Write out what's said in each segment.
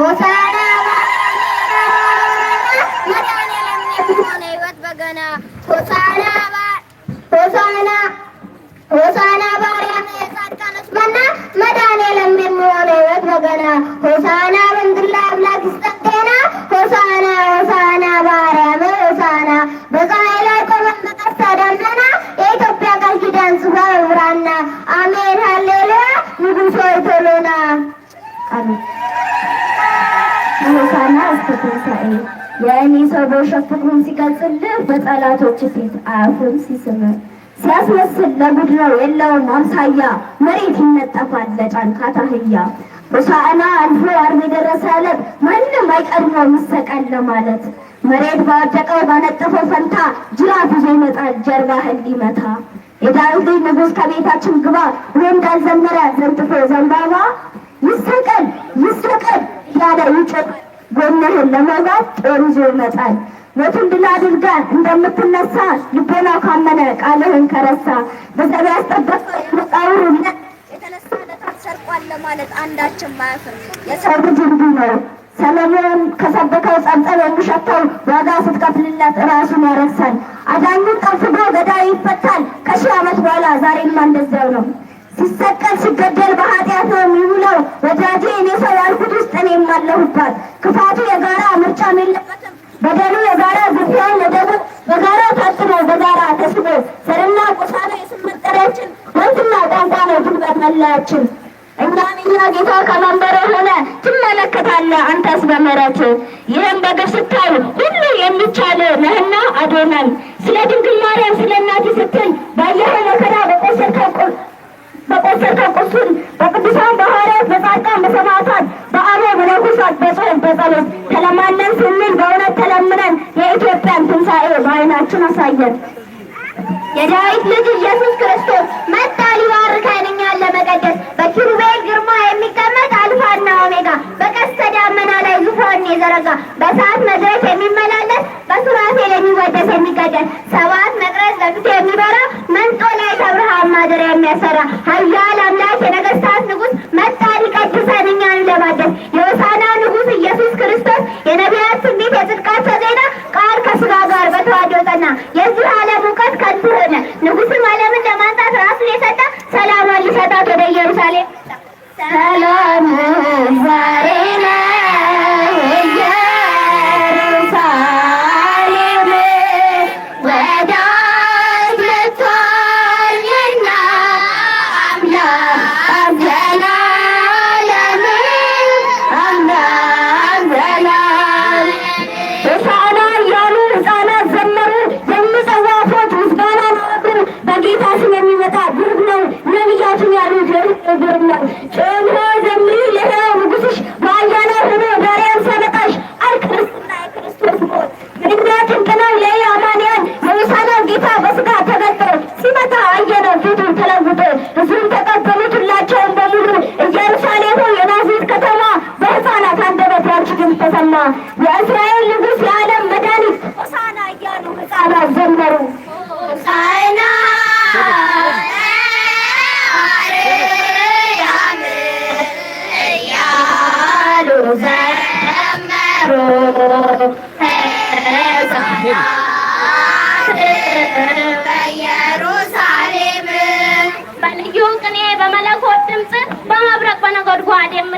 ሆሳዕና መድኃኒዓለም የሚሆን ሕይወት በገና ሆሳዕና ሆሳዕና ሆሳዕና ባሪያም የጻድቃኖች ሕይወት በገና ሆሳዕና አያስክፉን ሳኤል የእኔ ሰው በሸፍኩን ሲቀጽልህ በጠላቶች ፊት አያፍርም ሲስምህ ሲያስመስል ለጉድ ነው የለውም አምሳያ መሬት ይነጠፋል ለጫንካ ታህያ ሆሳዕና አልፎ ዓርብ የደረሰ ዕለት ማንም አይቀድሞ ይሰቀል ለማለት መሬት ባወደቀው ባነጠፈው ፈንታ ጅራፍ ይዞ ይመጣል ጀርባህን ሊመታ የዳዊት ልጅ ንጉሥ ከቤታችን ግባ ብሎ እንዳልዘመረ ዘንጥፎ ዘንባባ ይሰቀል ይሰቀል ያለ ይጮህ ጎናህን ለመውጋት ጦር ይዞ ይመጣል። ሞትን ድል አድርገን እንደምትነሳ ልቦና ካመነ ቃልህን ከረሳ በዘብ ያስጠበቀ የመቃብሩ የተነሳ ለታት ሰርቋል ለማለት አንዳችን ማያፍር የሰው ልጅ እንዲህ ነው። ሰለሞን ከሰበከው ጸብጸብ የሚሸተው ዋጋ ስትከፍልለት ራሱን ያረሳል። አዳኙን ጠፍጎ ገዳይ ይፈታል። ከሺህ ዓመት በኋላ ዛሬማ እንደዚያው ነው። ሲሰቀል ሲገደል በኃጢአት ነው የሚውለው። ወዳጄ እኔ ሰው ያልኩት ውስጥ እኔ አለሁባት። ክፋቱ የጋራ ምርጫ የለበትም። በደሉ የጋራ ጉዳይ ለደሙ በጋራ ታጥኖ በጋራ ተስቦ ዘርና ቁሳና የስም ወንድና ቋንቋ ነው ድንበር መለያችን። እኛን እኛ ጌታ ከመንበረ ሆነ ትመለከታለህ አንተስ በመረት ይህም በግብስ የዳዊት ልጅ ኢየሱስ ክርስቶስ መጣ ሊባርከን እኛን ለመቀደስ በኪሩቤል ግርማ የሚቀመጥ አልፋና ኦሜጋ በቀስተ ደመና ላይ ዙፋን የዘረጋ በሰዓት መድረክ የሚመላለስ በሱራፌል የሚወደስ የሚቀደስ ሰባት መቅረዝ ለፊት የሚበራ መንጦ ላይ ተብርሃን ማደሪያ የሚያሰራ ኃያል አምላክ የነገስታት ንጉስ መጣ ሊቀድሰን እኛን ለማደስ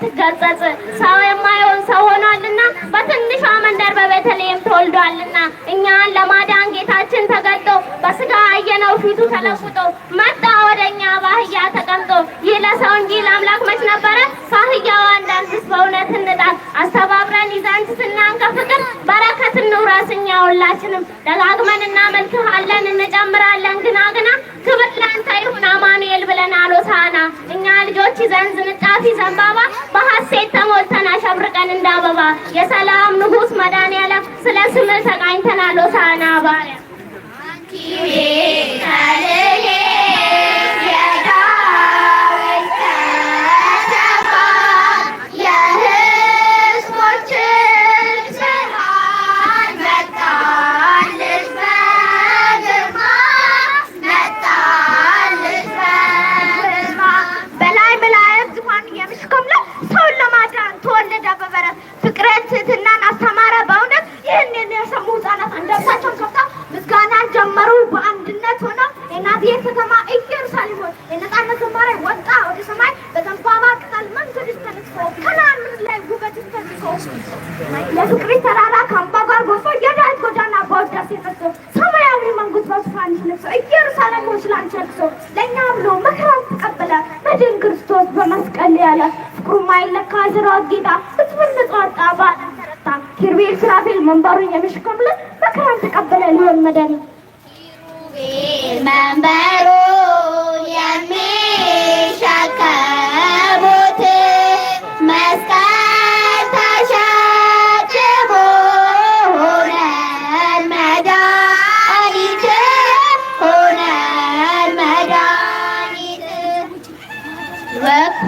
ስትገሰጽ ሰው የማይሆን ሰው ሆኗልና በትንሿ መንደር በቤተልሔም ተወልዷልና እኛን ለማዳን ጌታችን ተገልጦ በስጋ አየነው ፊቱ ተለውጦ መጣ ወደኛ ባህያ ተቀምጦ። ይህ ለሰው እንጂ ለአምላክ መች ነበረ? ባህያዋ አንዳንስ በእውነት እንዳል አስተባብረን ይዘን ስናን ፍቅር በረከት እንውረስ እኛ ሁላችንም ደጋግመን እናመልክሃለን እንጨምራለን ግና ግና ክብር ለአንተ ይሁን አማኑኤል ብለን አሎሳና እኛ ልጆች ይዘን ዝንጣፊ ዘንባባ በሐሴት ተሞልተን አሸብርቀን እንደ አበባ የሰላም ንጉሥ መድኃኒዓለም ስለ ስምህ ተቃኝተናል ሆሳዕና ጌታ እስምን ንጹ ወጣ በዓለም ተረታ ኪሩቤል ሱራፌል መንበሩን የሚሸከሙለት መከራን ተቀበለ ሊሆን መደን ኪሩቤል መንበሩ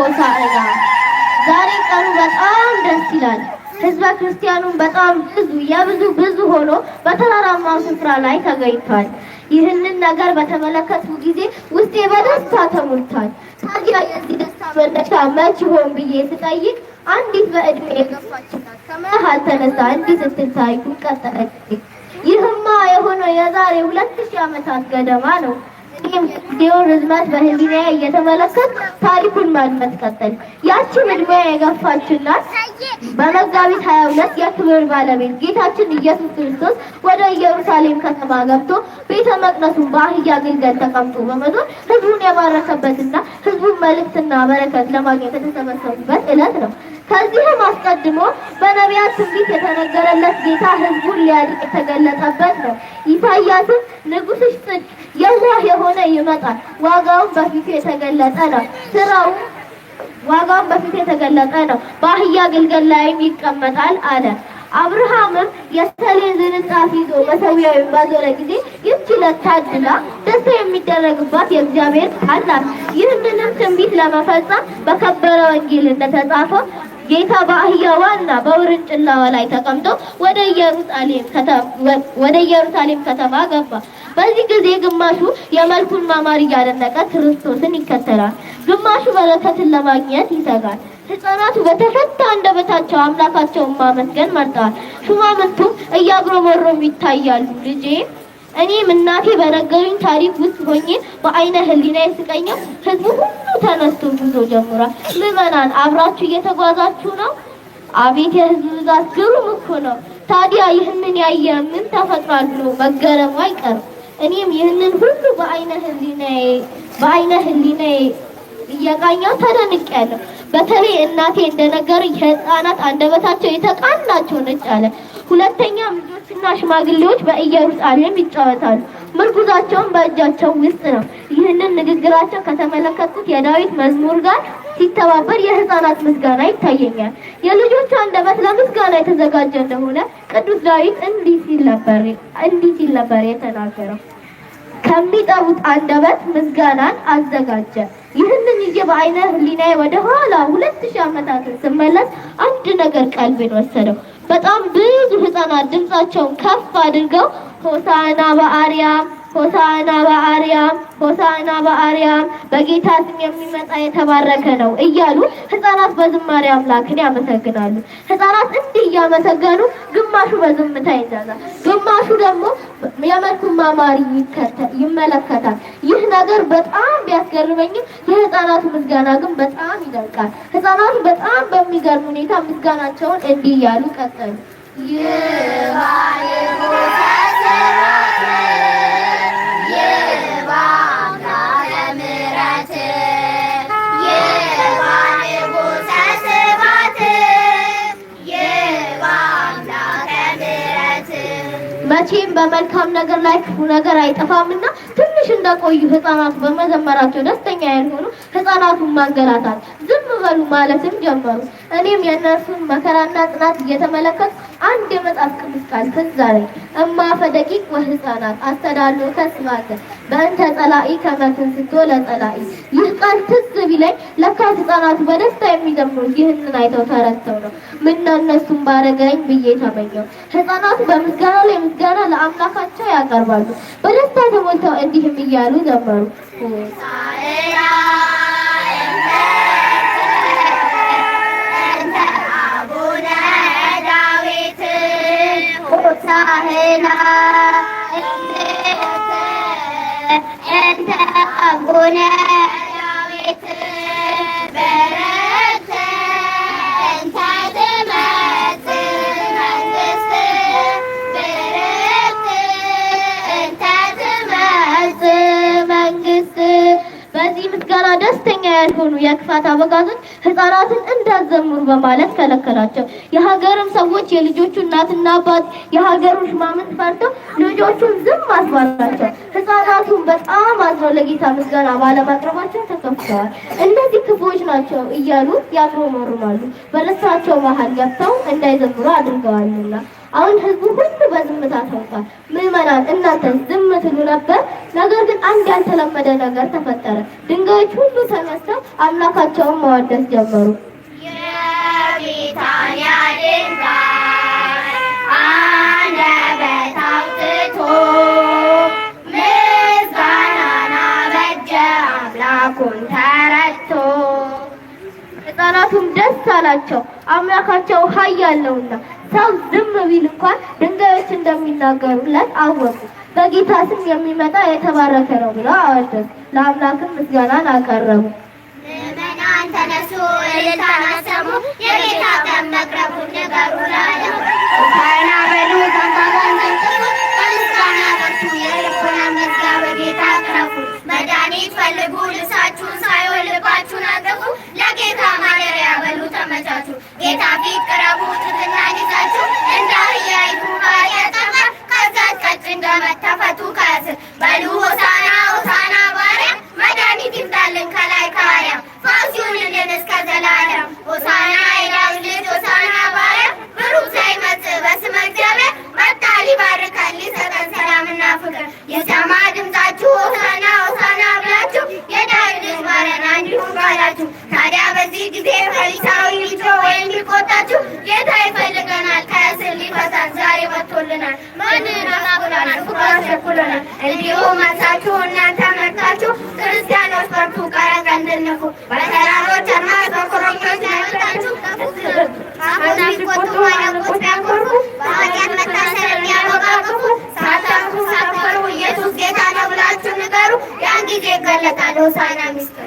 ሆሳዕና ዛሬ ቀኑ በጣም ደስ ይላል። ህዝበ ክርስቲያኑን በጣም ብዙ የብዙ ብዙ ሆኖ በተራራማው ስፍራ ላይ ተገኝቷል። ይህንን ነገር በተመለከቱ ጊዜ ውስጤ በደስታ ተሞልቷል። ታዲያ የዚህ ደስታ መነሻ መች ሆን ብዬ ስጠይቅ አንዲት በእድሜ የገፋችና ከመሃል ተነሳ እንዲህ ስትል ታሪኩን ቀጠለች። ይህማ የሆነው የዛሬ ሁለት ሺህ ዓመታት ገደማ ነው። ቂም ጊዜውን ርዝመት በህሊና እየተመለከት ታሪኩን ማድመጥ ያችን እድሜ የገፋችናት በመጋቢት ሀያ የክብር ባለቤት ጌታችን ኢየሱስ ክርስቶስ ወደ ኢየሩሳሌም ከተማ ገብቶ ቤተ መቅደሱን በአህያ ግልገል ተቀምጦ በመዞር ህዝቡን የባረከበትና ህዝቡን መልእክትና በረከት ለማግኘት የተሰበሰቡበት ዕለት ነው። ከዚህም አስቀድሞ በነቢያት ትንቢት የተነገረለት ጌታ ህዝቡን ሊያድቅ የተገለጠበት ነው። ኢሳያስም ንጉሥሽ ጽድቅ የዋህ የሆነ ይመጣል፣ ዋጋውን በፊቱ የተገለጠ ነው፣ ስራው ዋጋውን በፊቱ የተገለጠ ነው፣ በአህያ ግልገል ላይም ይቀመጣል አለ። አብርሃምም የሰሌን ዝንጣፊ ይዞ በሰማያዊ ባዞረ ጊዜ ይህች ለታድላ ደስታ የሚደረግባት የእግዚአብሔር ቃል ናት። ይህንንም ትንቢት ለመፈጸም በከበረ ወንጌል እንደተጻፈ ጌታ በአህያ ዋና በውርንጭላዋ ላይ ተቀምጦ ወደ ኢየሩሳሌም ከተማ ወደ ኢየሩሳሌም ከተማ ገባ። በዚህ ጊዜ ግማሹ የመልኩን ማማር እያደነቀ ክርስቶስን ይከተላል፣ ግማሹ በረከትን ለማግኘት ይሰጋል። ህፃናቱ በተፈታ አንደበታቸው አምላካቸውን ማመስገን መርጠዋል። ሹማምንቱም እያጉረመረሙ ይታያሉ። ልጄ እኔም እናቴ በነገሩኝ ታሪክ ውስጥ ሆኜ በአይነ ህሊና የስቀኘው ህዝቡ ሁሉ ተነስቶ ጉዞ ጀምሯል። ምዕመናን አብራችሁ እየተጓዛችሁ ነው። አቤት የህዝብ ብዛት ግሩም እኮ ነው። ታዲያ ይህንን ያየ ምን ተፈጥሯል ብሎ መገረሙ አይቀርም። እኔም ይህንን ሁሉ በአይነ ህሊናዬ በአይነ ህሊናዬ እየቃኘው ያለው በተለይ እናቴ እንደነገሩ የህፃናት አንደበታቸው የተቃናቸው ነጭ አለ። ሁለተኛም ሴቶችና ሽማግሌዎች በኢየሩሳሌም ይጫወታሉ፣ ምርኩዛቸውም በእጃቸው ውስጥ ነው። ይህንን ንግግራቸው ከተመለከቱት የዳዊት መዝሙር ጋር ሲተባበር የህፃናት ምስጋና ይታየኛል። የልጆች አንደበት ለምስጋና የተዘጋጀ እንደሆነ ቅዱስ ዳዊት እንዲህ ሲል ነበር የተናገረው፣ ከሚጠቡት አንደበት ምስጋናን አዘጋጀ። ይህንን ይዤ በአይነ ህሊናዬ ወደ ኋላ ሁለት ሺህ ዓመታትን ስመለስ አንድ ነገር ቀልብን ወሰደው። በጣም ብዙ ህፃናት ድምፃቸውን ከፍ አድርገው ሆሳና በአርያም ሆሳዕና በአርያም ሆሳዕና በአርያም በጌታ ስም የሚመጣ የተባረከ ነው እያሉ ህፃናት በዝማሬ አምላክን ያመሰግናሉ። ህፃናት እንዲህ እያመሰገኑ ግማሹ በዝምታ ይዘዛል ግማሹ ደግሞ የመልኩን ማማር ይመለከታል። ይህ ነገር በጣም ቢያስገርመኝም የህፃናት ምስጋና ግን በጣም ይደንቃል። ህፃናቱ በጣም በሚገርም ሁኔታ ምስጋናቸውን እንዲህ እያሉ ቀጠሉ። መቼም በመልካም ነገር ላይ ክፉ ነገር አይጠፋምና ትንሽ እንደቆዩ ህፃናቱ በመዘመራቸው ደስተኛ ያልሆኑ ህፃናቱን ማንገላታት፣ ዝም በሉ ማለትም ጀመሩ። እኔም የእነርሱን መከራና ጽናት እየተመለከት አንድ የመጽሐፍ ቅዱስ ቃል ትዝ አለኝ። እማ ፈደቂቅ ወህፃናት አስተዳሎ ከስማከ በእንተ ጸላኢ ከመትን ስቶ ለጸላኢ። ይህ ቃል ትዝ ቢለኝ ለካ ህፃናቱ በደስታ የሚዘምሩት ይህንን አይተው ተረተው ነው። ምነው እነሱም ባረገኝ ብዬ ተመኘው። ህፃናቱ በምስጋና ላይ ምስጋና ለአምላካቸው ያቀርባሉ። በደስታ ተሞልተው እንዲህም እያሉ ዘመሩ ሳህና እንተ አቡነ ዳዊት በረ ደስተኛ ያልሆኑ የክፋት አበጋዞች ህፃናትን እንዳዘምሩ በማለት ከለከላቸው። የሀገርም ሰዎች የልጆቹ እናትና አባት የሀገሩ ሽማምንት ፈርተው ልጆቹን ዝም አስባላቸው። ህፃናቱን በጣም አዝነው ለጌታ ምስጋና ባለማቅረባቸው ተከፍተዋል። እነዚህ ክፉዎች ናቸው እያሉ ያጉረመርማሉ። በደስታቸው መሀል ገብተው እንዳይዘምሩ አድርገዋልና አሁን ህዝቡ ሁሉ በዝምታ ተውቷል። ምዕመናን እናንተ ዝም ትሉ ነበር። ነገር ግን አንድ ያልተለመደ ነገር ተፈጠረ። ድንጋዮች ሁሉ ተነስተው አምላካቸውን ማወደስ ጀመሩ። የቢታንያ ህፃናቱም ደስ አላቸው አምላካቸው ኃያል ነውና ሰው ዝም ቢል እንኳን ድንጋዮች እንደሚናገሩለት አወቁ። በጌታ ስም የሚመጣ የተባረከ ነው ብለው አወደሱ። ለአምላክም ምስጋናን አቀረቡ። ምዕመናን ተነሱ፣ እልልታን አሰሙ፣ የጌታ ቀን መቅረቡን ንገሩ ፈልጉ፣ ልብሳችሁን ሳይሆን ልባችሁን ለጌታ ማደሪያ በሉ ተመቻቹ። ጌታ ፊት ቅረቡ፣ ትሕትናን ይዛችሁ እንደ አህያ ሂዱ። በአህያ ጫማ ከዛች ቀጭን ገመድ ተፈቱ ከእስር። በሉ ሆሳዕና ሆሳዕና በአርያም መድኃኒት ይምጣልን ከላይ ከአርያም ፈውስ ይሁንልን እስከ ዘላለም። ሆሳዕና የዳዊት ልጅ ሆሳዕና በአርያም ብሩክ ዘይመጽእ በስመ እግዚአብሔር መጣ ሊባርከን ሊሰጠን ሰላምና ፍቅር። ይሰማ ድምፃችሁ ሆሳዕና ሆሳዕና ብላችሁ የዳዊት ልጅ ማረና እንዲሁ ባላችሁ ታዲያ በዚህ ጊዜ ፈሪሳዊ ሊጮ ወይም ሊቆጣችሁ ጌታ ይፈልገናል፣ ከእስር ሊፈታን ዛሬ መጥቶልናል፣ ማንን አሳብላናል፣ ሁሉ አስቸኩሎናል። እንዲሁ መሳችሁ እናንተ መጥታችሁ ክርስቲያኖች በርቱ፣ ቀረቀ እንድንፉ በተራሮች አድማስ በኮረብቶች ላይ ወጣችሁ ጣፎች ቢቆጡ አለቆች በኃጢአት መታሰር የሚያበቃቅፉ ሳታፍሩ ሳትፈሩ ኢየሱስ ጌታ ነው ብላችሁ ንገሩ። ያን ጊዜ ይገለጣል ሆሳዕና ምስጢር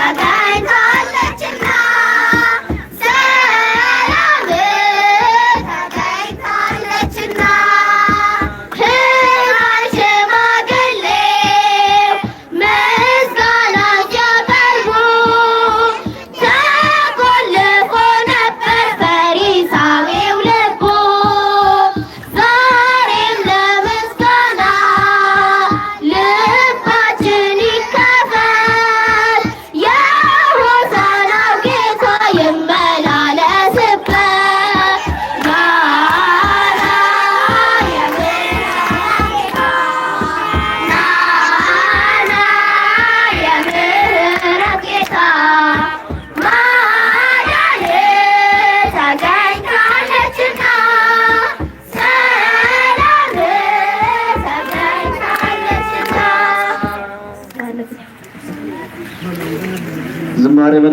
বাগায়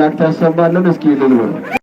መላእክት ያሰማልን። እስኪ ልልበል